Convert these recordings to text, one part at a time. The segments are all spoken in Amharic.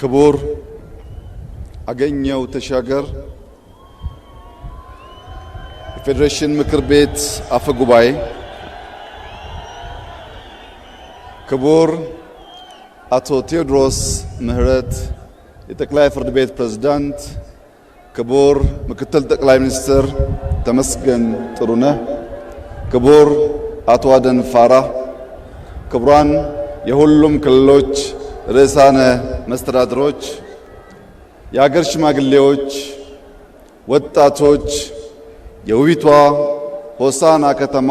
ክቡር አገኘው ተሻገር የፌዴሬሽን ምክር ቤት አፈ ጉባኤ፣ ክቡር አቶ ቴዎድሮስ ምህረት የጠቅላይ ፍርድ ቤት ፕሬዝዳንት፣ ክቡር ምክትል ጠቅላይ ሚኒስትር ተመስገን ጥሩነህ፣ ክቡር አቶ አደን ፋራ፣ ክቡራን የሁሉም ክልሎች ርዕሳነ መስተዳድሮች፣ የአገር ሽማግሌዎች፣ ወጣቶች፣ የውቢቷ ሆሳና ከተማ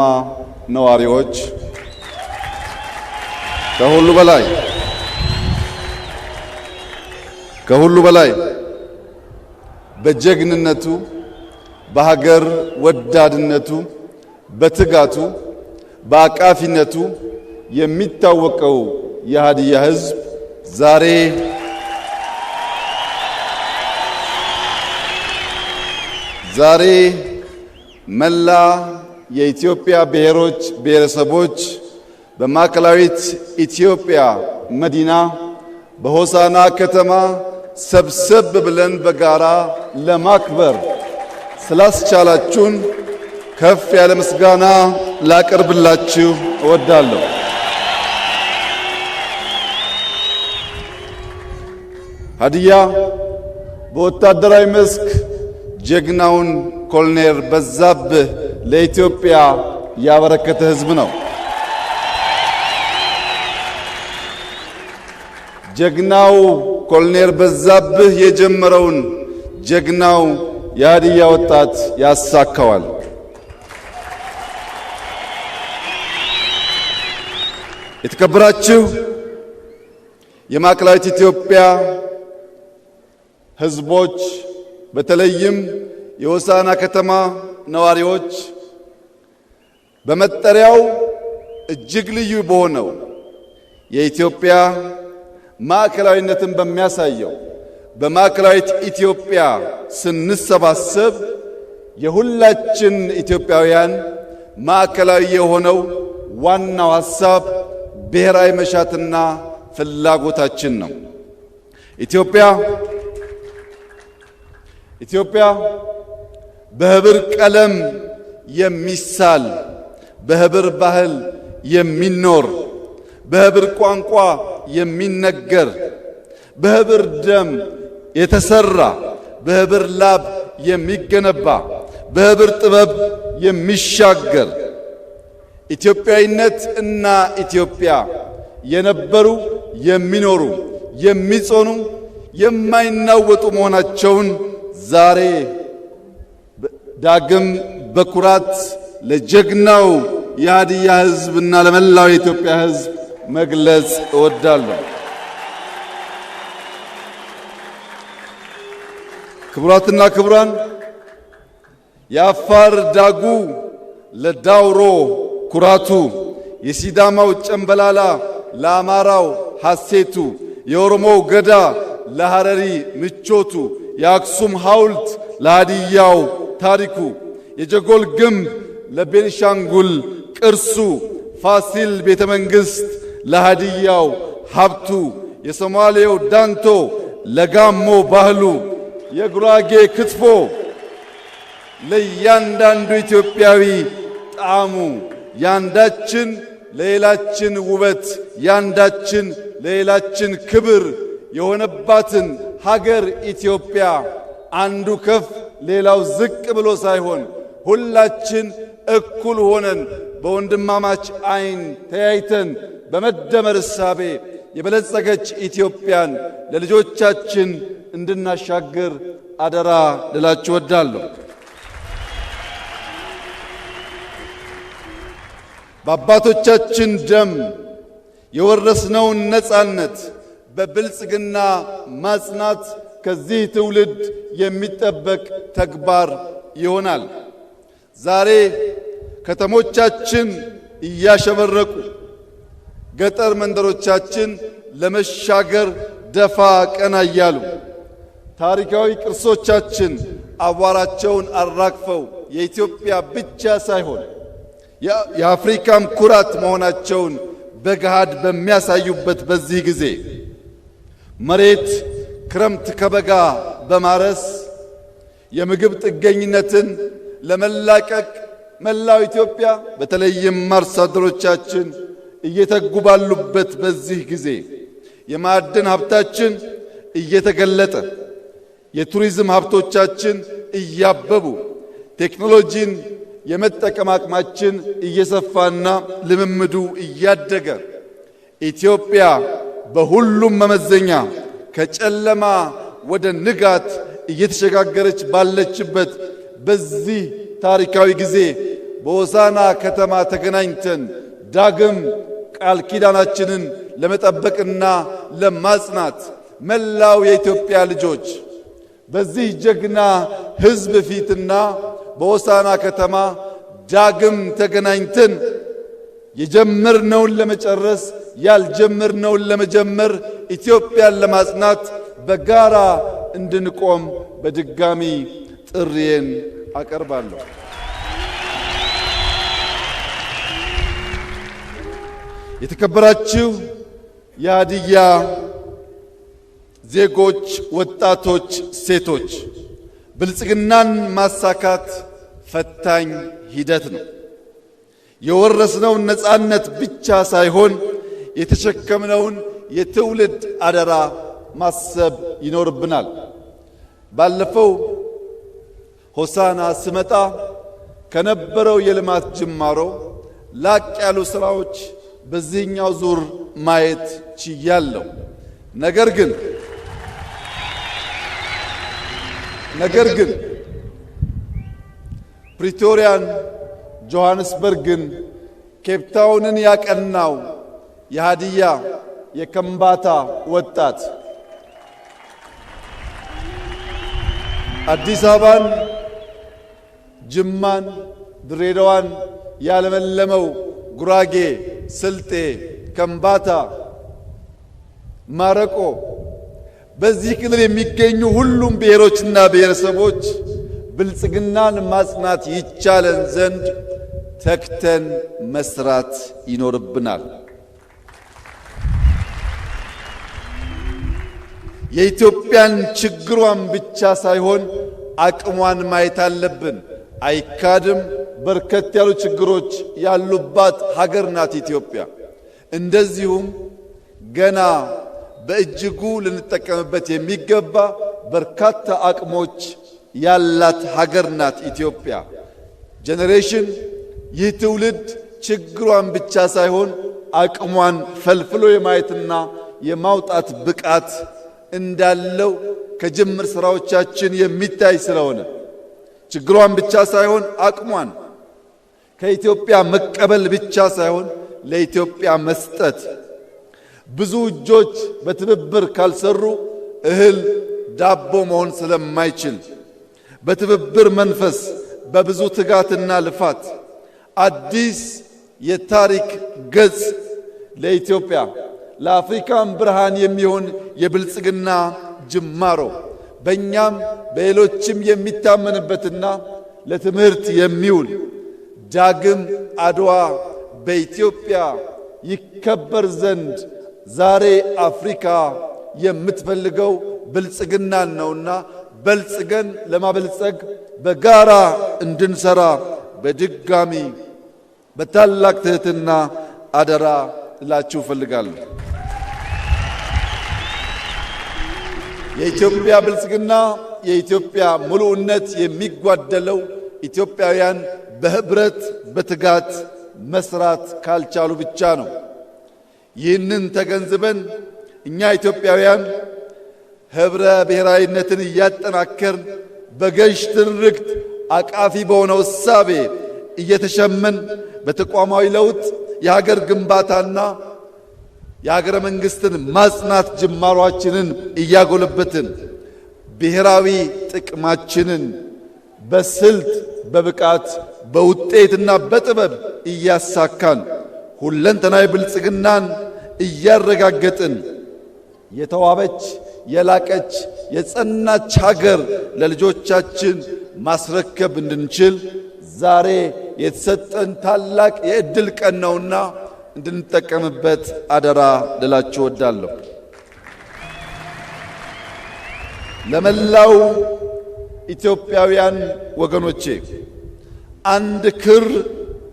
ነዋሪዎች፣ ከሁሉ በላይ ከሁሉ በላይ በጀግንነቱ በሀገር ወዳድነቱ በትጋቱ በአቃፊነቱ የሚታወቀው የሀዲያ ሕዝብ ዛሬ ዛሬ መላ የኢትዮጵያ ብሔሮች ብሔረሰቦች በማዕከላዊት ኢትዮጵያ መዲና በሆሳና ከተማ ሰብሰብ ብለን በጋራ ለማክበር ስላስቻላችሁን ከፍ ያለ ምስጋና ላቀርብላችሁ እወዳለሁ። ሀዲያ በወታደራዊ መስክ ጀግናውን ኮሎኔል በዛብህ ለኢትዮጵያ ያበረከተ ህዝብ ነው። ጀግናው ኮሎኔል በዛብህ የጀመረውን ጀግናው የሀዲያ ወጣት ያሳካዋል። የተከበራችሁ የማዕከላዊት ኢትዮጵያ ህዝቦች በተለይም የሆሳዕና ከተማ ነዋሪዎች በመጠሪያው እጅግ ልዩ በሆነው የኢትዮጵያ ማዕከላዊነትን በሚያሳየው በማዕከላዊት ኢትዮጵያ ስንሰባሰብ የሁላችን ኢትዮጵያውያን ማዕከላዊ የሆነው ዋናው ሀሳብ ብሔራዊ መሻትና ፍላጎታችን ነው። ኢትዮጵያ ኢትዮጵያ በህብር ቀለም የሚሳል በህብር ባህል የሚኖር በህብር ቋንቋ የሚነገር በህብር ደም የተሰራ በህብር ላብ የሚገነባ በህብር ጥበብ የሚሻገር ኢትዮጵያዊነት እና ኢትዮጵያ የነበሩ የሚኖሩ የሚጾኑ የማይናወጡ መሆናቸውን ዛሬ ዳግም በኩራት ለጀግናው የሀዲያ እና ለመላው የኢትዮጵያ ህዝብ መግለጽ እወዳለሁ። ክቡራትና ክቡራን፣ የአፋር ዳጉ ለዳውሮ ኩራቱ፣ የሲዳማው ጨምበላላ ለአማራው ሐሴቱ፣ የኦሮሞው ገዳ ለሐረሪ ምቾቱ የአክሱም ሐውልት ለሀዲያው ታሪኩ፣ የጀጎል ግንብ ለቤንሻንጉል ቅርሱ፣ ፋሲል ቤተ መንግሥት ለሀዲያው ሀብቱ፣ የሶማሌው ዳንቶ ለጋሞ ባህሉ፣ የጉራጌ ክትፎ ለእያንዳንዱ ኢትዮጵያዊ ጣዕሙ፣ ያንዳችን ለሌላችን ውበት፣ ያንዳችን ለሌላችን ክብር የሆነባትን ሀገር ኢትዮጵያ አንዱ ከፍ ሌላው ዝቅ ብሎ ሳይሆን ሁላችን እኩል ሆነን በወንድማማች አይን ተያይተን በመደመር እሳቤ የበለጸገች ኢትዮጵያን ለልጆቻችን እንድናሻግር አደራ ልላችሁ ወዳለሁ። በአባቶቻችን ደም የወረስነውን ነፃነት በብልጽግና ማጽናት ከዚህ ትውልድ የሚጠበቅ ተግባር ይሆናል። ዛሬ ከተሞቻችን እያሸበረቁ ገጠር መንደሮቻችን ለመሻገር ደፋ ቀና እያሉ ታሪካዊ ቅርሶቻችን አቧራቸውን አራግፈው የኢትዮጵያ ብቻ ሳይሆን የአፍሪካም ኩራት መሆናቸውን በገሃድ በሚያሳዩበት በዚህ ጊዜ መሬት ክረምት ከበጋ በማረስ የምግብ ጥገኝነትን ለመላቀቅ መላው ኢትዮጵያ በተለይም አርሶ አደሮቻችን እየተጉ ባሉበት በዚህ ጊዜ የማዕድን ሀብታችን እየተገለጠ የቱሪዝም ሀብቶቻችን እያበቡ ቴክኖሎጂን የመጠቀም አቅማችን እየሰፋና ልምምዱ እያደገ ኢትዮጵያ በሁሉም መመዘኛ ከጨለማ ወደ ንጋት እየተሸጋገረች ባለችበት በዚህ ታሪካዊ ጊዜ በሆሳና ከተማ ተገናኝተን ዳግም ቃል ኪዳናችንን ለመጠበቅና ለማጽናት መላው የኢትዮጵያ ልጆች በዚህ ጀግና ሕዝብ ፊትና በሆሳና ከተማ ዳግም ተገናኝተን የጀመርነውን ለመጨረስ ያልጀመርነውን ለመጀመር ኢትዮጵያን ለማጽናት በጋራ እንድንቆም በድጋሚ ጥሪዬን አቀርባለሁ። የተከበራችሁ የሀዲያ ዜጎች፣ ወጣቶች፣ ሴቶች ብልጽግናን ማሳካት ፈታኝ ሂደት ነው። የወረስነውን ነፃነት ብቻ ሳይሆን የተሸከምነውን የትውልድ አደራ ማሰብ ይኖርብናል። ባለፈው ሆሳና ስመጣ ከነበረው የልማት ጅማሮ ላቅ ያሉ ስራዎች በዚህኛው ዙር ማየት ችያለሁ። ነገር ግን ነገር ግን ፕሪቶሪያን ጆሐንስበርግን፣ ኬፕታውንን ያቀናው የሃዲያ የከምባታ ወጣት አዲስ አበባን፣ ጅማን፣ ድሬዳዋን ያለመለመው ጉራጌ፣ ስልጤ፣ ከምባታ፣ ማረቆ በዚህ ክልል የሚገኙ ሁሉም ብሔሮችና ብሔረሰቦች ብልጽግናን ማጽናት ይቻለን ዘንድ ተክተን መስራት ይኖርብናል። የኢትዮጵያን ችግሯን ብቻ ሳይሆን አቅሟን ማየት አለብን። አይካድም፣ በርከት ያሉ ችግሮች ያሉባት ሀገር ናት ኢትዮጵያ። እንደዚሁም ገና በእጅጉ ልንጠቀምበት የሚገባ በርካታ አቅሞች ያላት ሀገር ናት ኢትዮጵያ ጄኔሬሽን ይህ ትውልድ ችግሯን ብቻ ሳይሆን አቅሟን ፈልፍሎ የማየትና የማውጣት ብቃት እንዳለው ከጅምር ስራዎቻችን የሚታይ ስለሆነ ችግሯን ብቻ ሳይሆን አቅሟን ከኢትዮጵያ መቀበል ብቻ ሳይሆን ለኢትዮጵያ መስጠት ብዙ እጆች በትብብር ካልሰሩ እህል ዳቦ መሆን ስለማይችል በትብብር መንፈስ በብዙ ትጋትና ልፋት አዲስ የታሪክ ገጽ ለኢትዮጵያ ለአፍሪካም ብርሃን የሚሆን የብልጽግና ጅማሮ በእኛም በሌሎችም የሚታመንበትና ለትምህርት የሚውል ዳግም አድዋ በኢትዮጵያ ይከበር ዘንድ ዛሬ አፍሪካ የምትፈልገው ብልጽግናን ነውና በልጽገን ለማበልጸግ በጋራ እንድንሰራ በድጋሚ በታላቅ ትህትና አደራ ላችሁ እፈልጋለሁ። የኢትዮጵያ ብልጽግና የኢትዮጵያ ሙሉነት የሚጓደለው ኢትዮጵያውያን በህብረት በትጋት መስራት ካልቻሉ ብቻ ነው። ይህንን ተገንዝበን እኛ ኢትዮጵያውያን ህብረ ብሔራዊነትን እያጠናከርን በገሽ ትርክት አቃፊ በሆነው እሳቤ እየተሸመን በተቋማዊ ለውጥ የሀገር ግንባታና የሀገረ መንግስትን ማጽናት ጅማሯችንን እያጎለበትን ብሔራዊ ጥቅማችንን በስልት በብቃት በውጤትና በጥበብ እያሳካን ሁለንተናዊ ብልጽግናን እያረጋገጥን የተዋበች የላቀች የጸናች ሀገር ለልጆቻችን ማስረከብ እንድንችል ዛሬ የተሰጠን ታላቅ የእድል ቀን ነውና እንድንጠቀምበት አደራ ልላችሁ እወዳለሁ። ለመላው ኢትዮጵያውያን ወገኖቼ አንድ ክር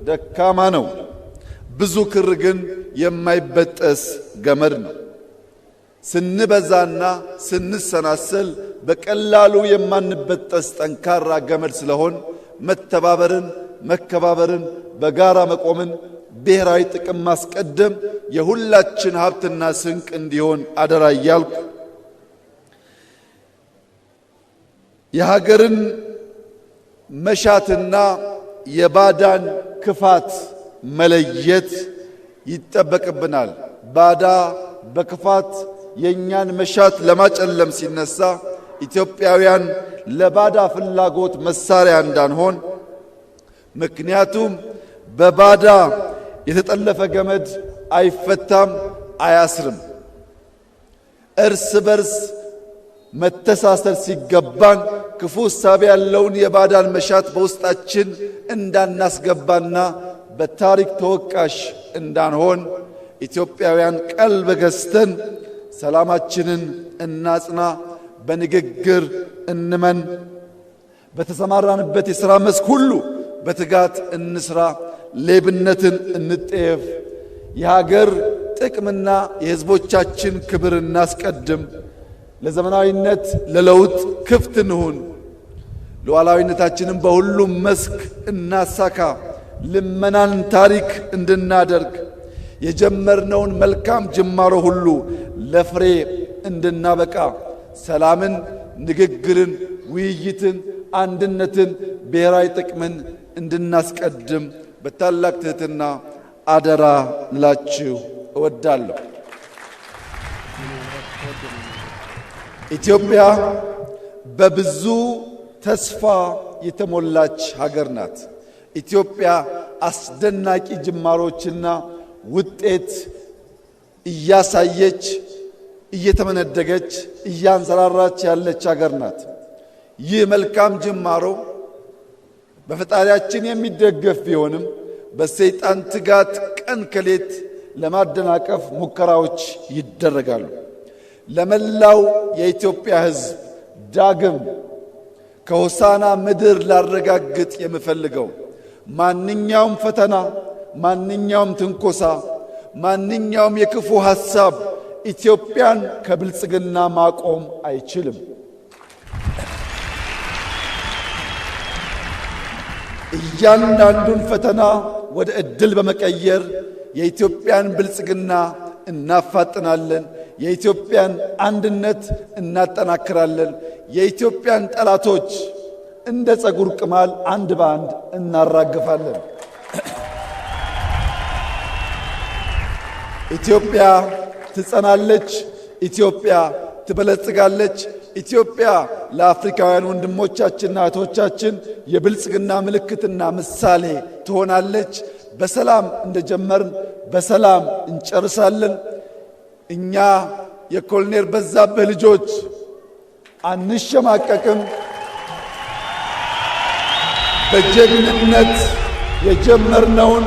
ደካማ ነው፣ ብዙ ክር ግን የማይበጠስ ገመድ ነው። ስንበዛና ስንሰናሰል በቀላሉ የማንበጠስ ጠንካራ ገመድ ስለሆን መተባበርን፣ መከባበርን፣ በጋራ መቆምን፣ ብሔራዊ ጥቅም ማስቀደም የሁላችን ሀብትና ስንቅ እንዲሆን አደራ እያልኩ የሀገርን መሻትና የባዳን ክፋት መለየት ይጠበቅብናል። ባዳ በክፋት የእኛን መሻት ለማጨለም ሲነሳ ኢትዮጵያውያን ለባዳ ፍላጎት መሳሪያ እንዳንሆን። ምክንያቱም በባዳ የተጠለፈ ገመድ አይፈታም፣ አያስርም። እርስ በርስ መተሳሰር ሲገባን ክፉ እሳቤ ያለውን የባዳን መሻት በውስጣችን እንዳናስገባና በታሪክ ተወቃሽ እንዳንሆን ኢትዮጵያውያን ቀልብ ገዝተን ሰላማችንን እናጽና። በንግግር እንመን። በተሰማራንበት የሥራ መስክ ሁሉ በትጋት እንስራ። ሌብነትን እንጠየፍ። የሀገር ጥቅምና የሕዝቦቻችን ክብር እናስቀድም። ለዘመናዊነት፣ ለለውጥ ክፍት እንሁን። ሉዓላዊነታችንን በሁሉም መስክ እናሳካ። ልመናን ታሪክ እንድናደርግ የጀመርነውን መልካም ጅማሮ ሁሉ ለፍሬ እንድናበቃ ሰላምን፣ ንግግርን፣ ውይይትን፣ አንድነትን፣ ብሔራዊ ጥቅምን እንድናስቀድም በታላቅ ትሕትና አደራ ላችሁ እወዳለሁ። ኢትዮጵያ በብዙ ተስፋ የተሞላች ሀገር ናት። ኢትዮጵያ አስደናቂ ጅማሮችና ውጤት እያሳየች እየተመነደገች እያንሰራራች ያለች ሀገር ናት። ይህ መልካም ጅማሮ በፈጣሪያችን የሚደገፍ ቢሆንም በሰይጣን ትጋት ቀን ከሌት ለማደናቀፍ ሙከራዎች ይደረጋሉ። ለመላው የኢትዮጵያ ሕዝብ ዳግም ከሆሳና ምድር ላረጋግጥ የምፈልገው ማንኛውም ፈተና፣ ማንኛውም ትንኮሳ፣ ማንኛውም የክፉ ሐሳብ ኢትዮጵያን ከብልጽግና ማቆም አይችልም። እያንዳንዱን ፈተና ወደ ዕድል በመቀየር የኢትዮጵያን ብልጽግና እናፋጥናለን። የኢትዮጵያን አንድነት እናጠናክራለን። የኢትዮጵያን ጠላቶች እንደ ጸጉር ቅማል አንድ በአንድ እናራግፋለን። ኢትዮጵያ ትጸናለች፣ ኢትዮጵያ ትበለጽጋለች። ኢትዮጵያ ለአፍሪካውያን ወንድሞቻችንና እህቶቻችን የብልጽግና ምልክትና ምሳሌ ትሆናለች። በሰላም እንደጀመርን በሰላም እንጨርሳለን። እኛ የኮሎኔል በዛብህ ልጆች አንሸማቀቅም። በጀግንነት የጀመርነውን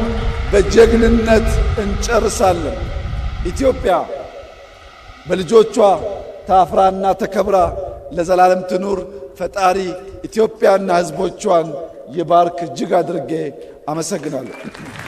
በጀግንነት እንጨርሳለን። ኢትዮጵያ በልጆቿ ታፍራና ተከብራ ለዘላለም ትኑር። ፈጣሪ ኢትዮጵያና ሕዝቦቿን ይባርክ። እጅግ አድርጌ አመሰግናለሁ።